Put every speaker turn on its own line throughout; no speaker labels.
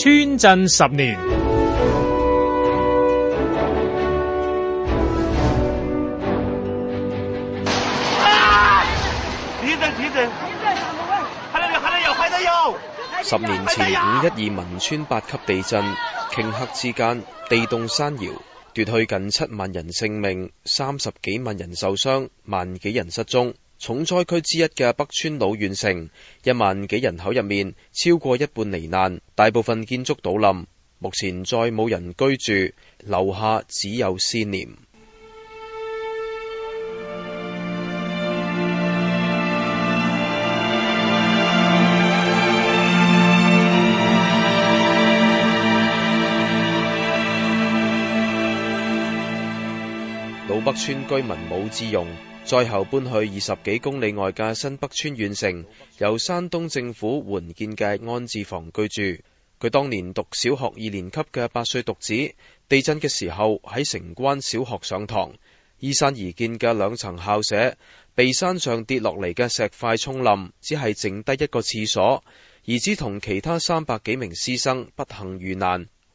川震十年。
十
年前五一二汶川八級地震，頃刻之間地動山搖，奪去近七萬人性命，三十幾萬人受傷，萬幾人失蹤。重災區之一嘅北川老縣城，一萬幾人口入面，超過一半罹難，大部分建築倒冧，目前再冇人居住，留下只有思念。老北川居民武志容，災後搬去二十幾公里外嘅新北川縣城，由山東政府援建嘅安置房居住。佢當年讀小學二年級嘅八歲獨子，地震嘅時候喺城關小學上堂，依山而建嘅兩層校舍被山上跌落嚟嘅石塊衝冧，只係剩低一個廁所，兒子同其他三百幾名師生不幸遇難。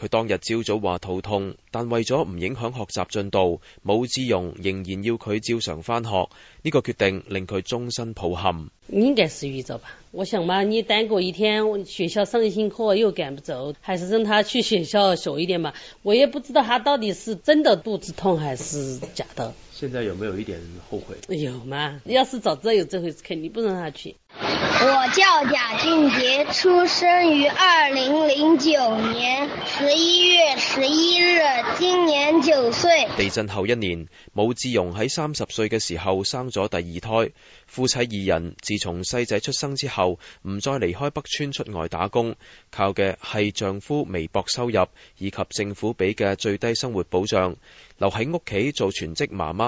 佢當日朝早話肚痛，但為咗唔影響學習進度，武志勇仍然要佢照常翻學。呢個決定令佢終身抱憾。
你應該是預兆吧，我想嘛，你耽過一天學校上新課又趕不走，還是讓他去學校學一點吧。我也不知道他到底是真的肚子痛還是假的。現在有沒有一點後悔？有、哎、嗎？要是早知道有這回事，肯定不讓他去。我叫賈俊傑，出生於二零零九年十一月十一日，今年九歲。
地震後一年，武志榮喺三十歲嘅時候生咗第二胎。夫妻二人自從細仔出生之後，唔再離開北川出外打工，靠嘅係丈夫微薄收入以及政府俾嘅最低生活保障，留喺屋企做全職媽媽。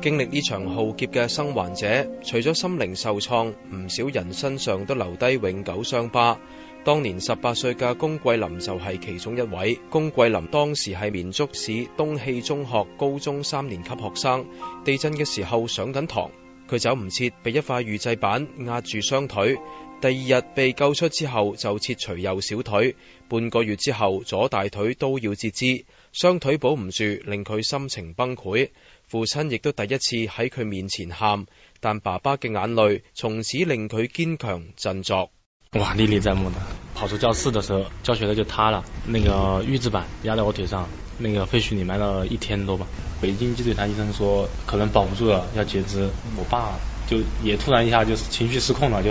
經歷呢場浩劫嘅生還者，除咗心靈受創，唔少人身上都留低永久傷疤。當年十八歲嘅龔桂林就係其中一位。龔桂林當時係綿竹市東汽中學高中三年級學生。地震嘅時候上緊堂，佢走唔切，被一塊預製板壓住雙腿。第二日被救出之後，就切除右小腿。半個月之後，左大腿都要截肢。雙腿保唔住，令佢心情崩潰。父親亦都第一次喺佢面前喊，但爸爸嘅眼淚，從此令佢堅強振作。哇，歷歷在目啦！跑出教室的時候，教學樓就塌了，那個預製板壓在我腿上，那個廢墟裏埋了一天多吧。北京積水潭醫生說可能保不住了，要截肢。我爸就也突然一下就是情緒失控了就。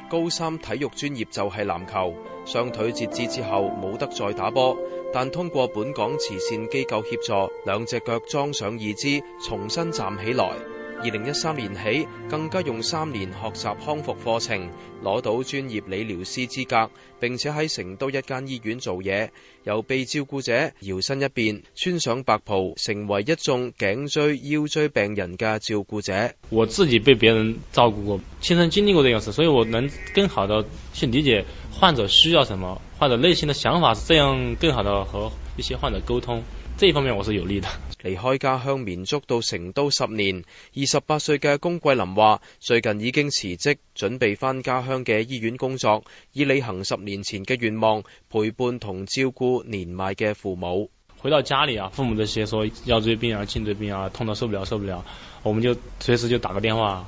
高三體育專業就係籃球，雙腿截肢之後冇得再打波，但通過本港慈善機構協助，兩隻腳裝上義肢，重新站起來。二零一三年起，更加用三年學習康復課程，攞到專業理療師資格，並且喺成都一間醫院做嘢，由被照顧者搖身一變，穿上白袍，成為一眾頸椎、腰椎病人嘅照顧者。我自己被別人照顧過，親身經歷過呢件事，所以我能更好地去理解患者需要什麼，患者內心的想法是這樣，更好地和一些患者溝通。一方面我是有利的。的離開家鄉綿竹到成都十年，二十八歲嘅龔桂林話：最近已經辭職，準備返家鄉嘅醫院工作，以履行十年前嘅願望，陪伴同照顧年邁嘅父母。回到家裏啊，父母就寫說腰椎病啊、頸椎病啊，痛到受不了、受不了，我們就隨時就打個電話。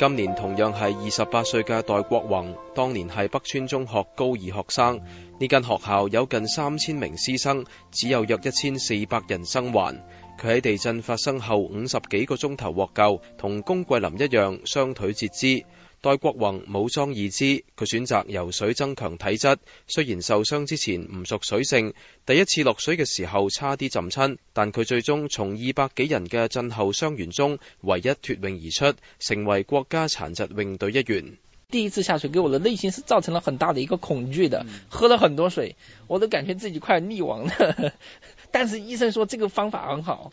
今年同樣係二十八歲嘅代國宏，當年係北川中學高二學生。呢間學校有近三千名師生，只有約一千四百人生還。佢喺地震發生後五十幾個鐘頭獲救，同龔桂林一樣雙腿截肢。代國宏武裝而知，佢選擇游水增強體質。雖然受傷之前唔熟水性，第一次落水嘅時候差啲浸親，但佢最終從二百幾人嘅震後傷員中唯一脫穎而出，成為國家殘疾泳隊一員。
第一次下水，給我的內心是造成了很大的一個恐懼的，喝了很多水，我都感覺自己快溺亡了。但是醫生說這個方法很好。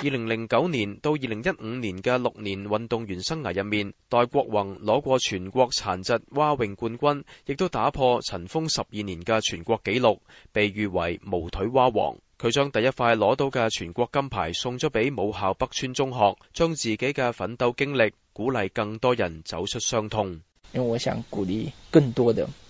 二
零零九年到二零一五年嘅六年運動員生涯入面，代國宏攞過全國殘疾蛙泳冠軍，亦都打破塵封十二年嘅全國紀錄，被譽為無腿蛙王。佢將第一塊攞到嘅全國金牌送咗俾母校北川中學，將自己嘅奮鬥經歷鼓勵更多人走出傷
痛。因為我想鼓勵更多的。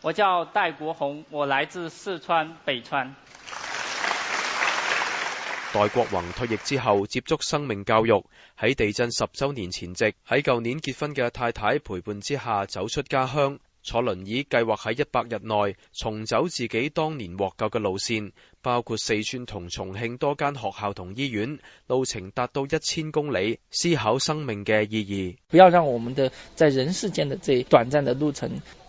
我叫戴國宏，我來自四川北川。
戴國宏退役之後接觸生命教育。喺地震十周年前夕，喺舊年結婚嘅太太陪伴之下，走出家鄉，坐輪椅計劃喺一百日內重走自己當年獲救嘅路線，包括四川同重慶多間學校同醫院，路程達到一千公里，思考生命嘅意義。
不要讓我們的在人世間的這短暫的路程。